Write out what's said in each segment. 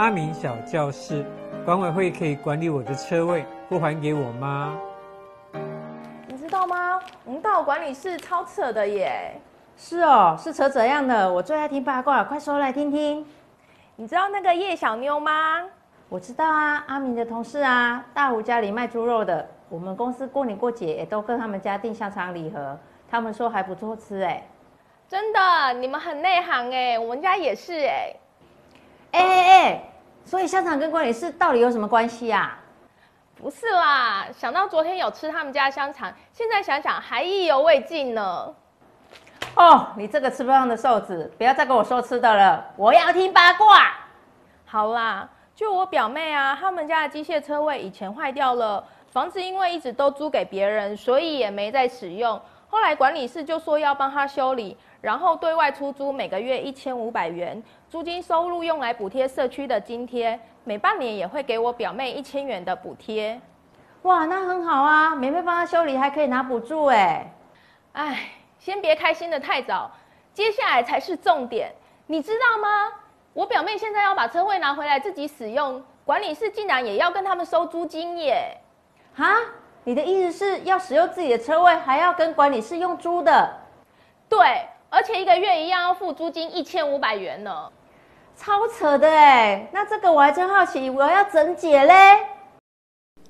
阿明小教室管委會可以管理我的車位，不還給我嗎？你知道嗎？我們大樓管理室超扯的耶！是哦，是扯怎樣的？我最愛聽八卦，快說來聽聽。你知道那個葉小妞嗎？我知道啊，阿明的同事啊，大胡家裡賣豬肉的，我們公司過年過節也都跟他們家訂香腸禮盒，他們說還不錯吃哎。真的，你們很內行哎，我們家也是哎。哎哎哎！所以香腸跟管理室到底有什麼關係啊？不是啦，想到昨天有吃他們家的香腸，現在想想還意猶未盡呢。哦，你這個吃不胖的瘦子，不要再跟我說吃的了，我要聽八卦。好啦，就我表妹啊，他們家的機械車位以前壞掉了，房子因為一直都租給別人，所以也沒再使用。後來管理室就說要幫他修理，然後對外出租，每個月一千五百元租金收入用來補貼社區的津貼，每半年也會給我表妹一千元的補貼。哇，那很好啊，免費幫他修理還可以拿補助哎。哎，先別開心得太早，接下來才是重點，你知道嗎？我表妹現在要把車位拿回來自己使用，管理室竟然也要跟他們收租金耶？哈、啊？你的意思是要使用自己的車位，還要跟管理室用租的？對，而且一個月一樣要付租金一千五百元呢，超扯的哎！那這個我還真好奇，我要怎解嘞？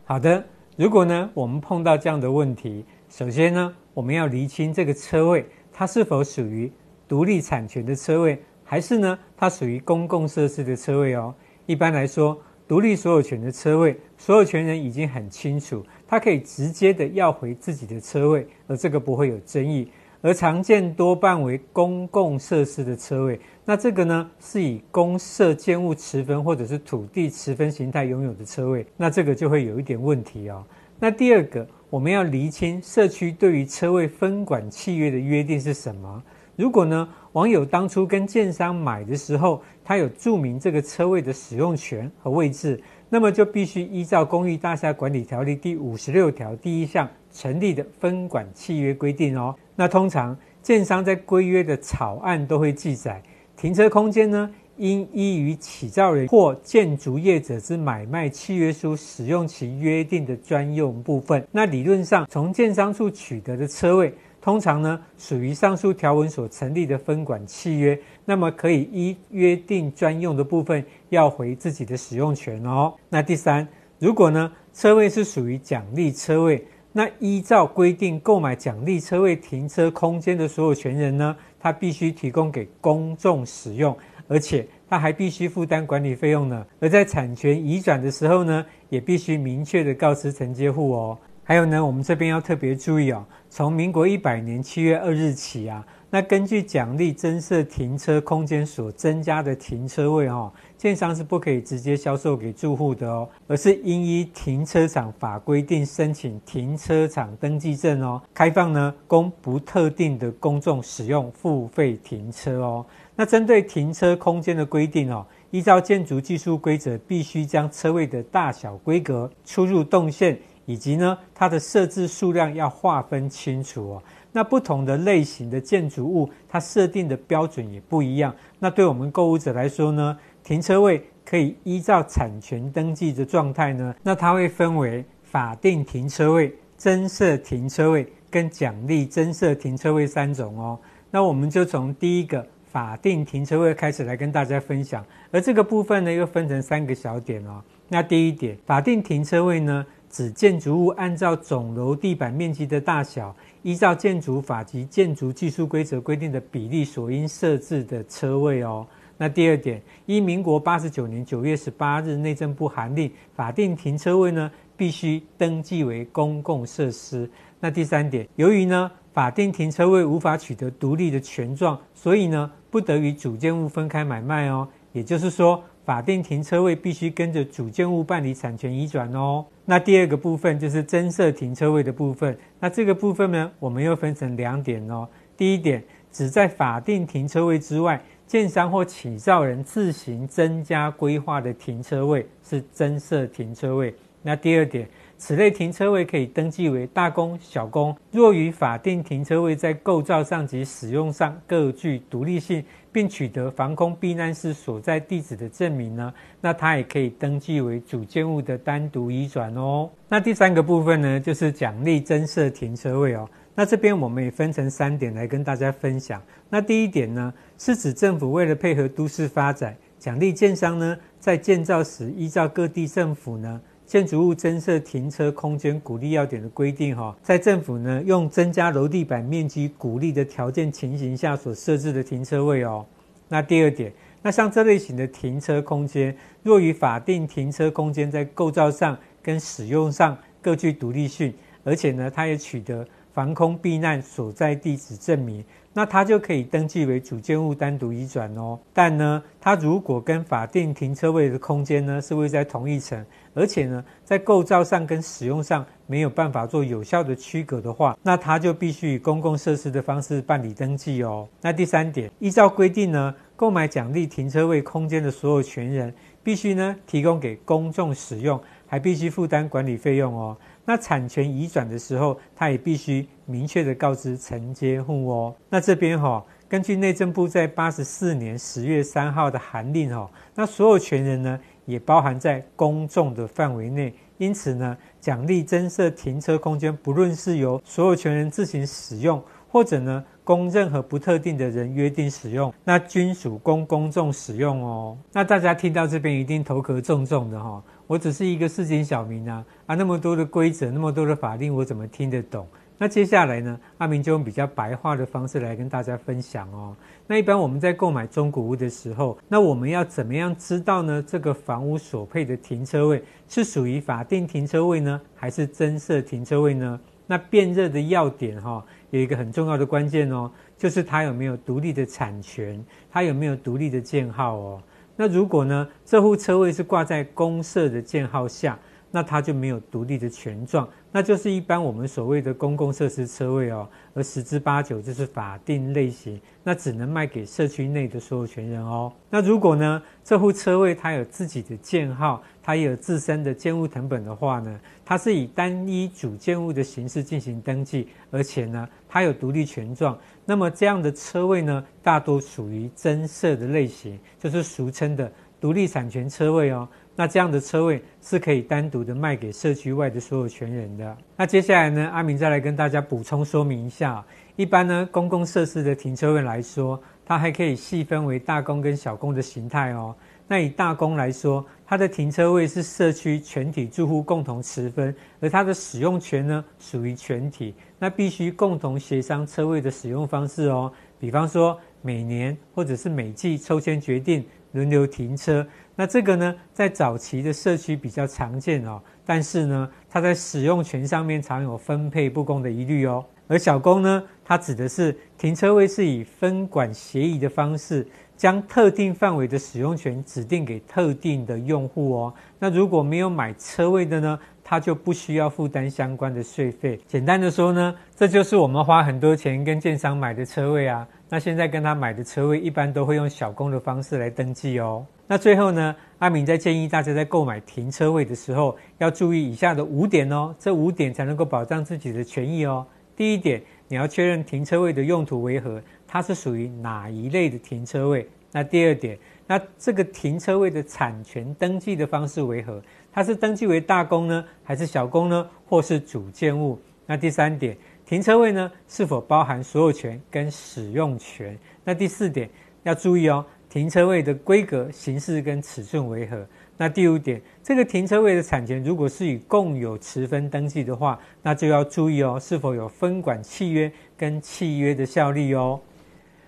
好的，如果呢我們碰到這樣的問題，首先呢我們要釐清這個車位它是否屬於獨立產權的車位，還是呢它屬於公共設施的車位哦。一般來說，獨立所有權的車位，所有權人已經很清楚，他可以直接的要回自己的車位，而這個不會有爭議。而常見多半為公共設施的車位，那這個呢是以公設建物持分或者是土地持分形態擁有的車位，那這個就會有一點問題哦。那第二個，我們要釐清社區對於車位分管契約的約定是什麼。如果呢，網友當初跟建商買的時候，他有注明這個車位的使用權和位置，那麼就必須依照《公寓大廈管理條例》第五十六條第一項成立的分管契約規定哦。那通常建商在規約的草案都會記載，停車空間呢應依於起造人或建築業者之買賣契約書使用其約定的專用部分。那理論上從建商處取得的車位。通常呢，屬於上述條文所成立的分管契約，那麼可以依約定專用的部分要回自己的使用權哦。那第三，如果呢車位是屬於獎勵車位，那依照規定購買獎勵車位停車空間的所有權人呢，他必須提供給公眾使用，而且他還必須負擔管理費用呢，而在產權移轉的時候呢，也必須明確地告知承接戶哦。還有呢，我們這邊要特別注意哦。從民國一百年七月二日起啊，那根據獎勵增設停車空間所增加的停車位哦，建商是不可以直接銷售給住戶的哦，而是應依停車場法規定申請停車場登記證哦，開放呢供不特定的公眾使用付費停車哦。那針對停車空間的規定哦，依照建築技術規則，必須將車位的大小規格、出入動線，以及呢，它的設置數量要劃分清楚哦。那不同的類型的建築物，它設定的標準也不一樣。那對我們購物者來說呢，停車位可以依照產權登記的狀態呢，那它會分為法定停車位、增設停車位跟獎勵增設停車位三種哦。那我們就從第一個法定停車位開始來跟大家分享。而這個部分呢，又分成三個小點哦。那第一點，法定停車位呢，指建築物按照總樓地板面積的大小，依照建築法及建築技術規則規定的比例所應設置的車位哦。那第二點，依民國八十九年九月十八日內政部函令，法定停車位呢必須登記為公共設施。那第三點，由於呢法定停車位無法取得獨立的權狀，所以呢不得與主建物分開買賣哦。也就是說，法定停車位必須跟着主建物辦理產權移轉哦。那第二個部分就是增設停車位的部分。那這個部分呢，我們又分成兩點哦。第一點，指在法定停車位之外，建商或起造人自行增加規劃的停車位，是增設停車位。那第二點，此類停車位可以登記為大公、小公。若與法定停車位在構造上及使用上各具獨立性，並取得防空避難室所在地址的證明呢，那它也可以登記為主建物的單獨移轉哦。那第三個部分呢，就是獎勵增設停車位哦。那這邊我們也分成三點來跟大家分享。那第一點呢，是指政府為了配合都市發展，獎勵建商呢，在建造時依照各地政府呢。建築物增設停車空間鼓勵要點的規定，哦，哈，在政府呢用增加樓地板面積鼓勵的條件情形下所設置的停車位哦。那第二點，那像這類型的停車空間，若與法定停車空間在構造上跟使用上各具獨立性，而且呢，它也取得。防空避難所在地址證明，那他就可以登記為主建物單獨移轉哦。但呢，他如果跟法定停車位的空間呢是位在同一層，而且呢在構造上跟使用上沒有辦法做有效的區隔的話，那他就必須以公共設施的方式辦理登記哦。那第三點，依照規定呢，購買獎勵停車位空間的所有權人必須呢提供給公眾使用，還必須負擔管理費用哦。那產權移轉的時候，他也必須明確地告知承接戶哦。那這邊哈、哦，根據內政部在八十四年十月三號的函令哈、哦，那所有權人呢也包含在公眾的範圍內，因此呢，獎勵增設停車空間，不論是由所有權人自行使用。或者呢，供任何不特定的人約定使用，那均屬供公眾使用哦。那大家聽到這邊一定頭殼重重的哈、哦。我只是一個市井小民啊，啊那麼多的規則，那麼多的法令，我怎麼聽得懂？那接下來呢，阿、啊、明就用比較白話的方式來跟大家分享哦。那一般我們在購買中古屋的時候，那我們要怎麼樣知道呢？這個房屋所配的停車位是屬於法定停車位呢，還是增設停車位呢？那辨認的要點哈、哦，有一個很重要的關鍵哦，就是它有沒有獨立的產權，它有沒有獨立的建號哦。那如果呢，這戶車位是掛在公設的建號下，那它就沒有獨立的權狀，那就是一般我們所謂的公共設施車位哦，而十之八九就是法定類型，那只能賣給社區內的所有權人哦。那如果呢，這戶車位它有自己的建號，它也有自身的建物謄本的話呢，它是以單一主建物的形式進行登記，而且呢，它有獨立權狀。那麼這樣的車位呢，大多屬於增設的類型，就是俗稱的獨立產權車位哦。那這樣的車位是可以單獨的賣給社區外的所有權人的。那接下來呢，阿明再來跟大家補充說明一下。一般呢，公共設施的停車位來說，它還可以細分為大公跟小公的形態哦。那以大公來說，它的停車位是社區全體住戶共同持分，而它的使用權呢，屬於全體，那必須共同協商車位的使用方式哦。比方說每年或者是每季抽籤決定。輪流停車，那這個呢，在早期的社區比較常見哦。但是呢，它在使用權上面常有分配不公的疑慮哦。而小公呢，它指的是停車位是以分管協議的方式，將特定範圍的使用權指定給特定的用戶哦。那如果沒有買車位的呢？他就不需要負擔相關的稅費。簡單的說呢，這就是我們花很多錢跟建商買的車位啊。那現在跟他買的車位，一般都會用小公的方式來登記哦。那最後呢，阿明在建議大家在購買停車位的時候，要注意以下的五點哦。這五點才能夠保障自己的權益哦。第一點，你要確認停車位的用途為何，它是屬於哪一類的停車位。那第二點，那這個停車位的產權登記的方式為何？它是登記為大公呢，還是小公呢，或是主建物？那第三點，停車位呢是否包含所有權跟使用權？那第四點要注意哦，停車位的規格、形式跟尺寸為何？那第五點，這個停車位的產權如果是以共有持分登記的話，那就要注意哦，是否有分管契約跟契約的效力哦？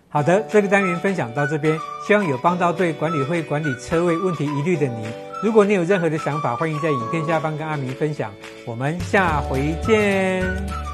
好的，這個單元分享到這邊，希望有幫到對管理會管理車位問題疑慮的您。如果你有任何的想法，歡迎在影片下方跟阿明分享。我們下回見。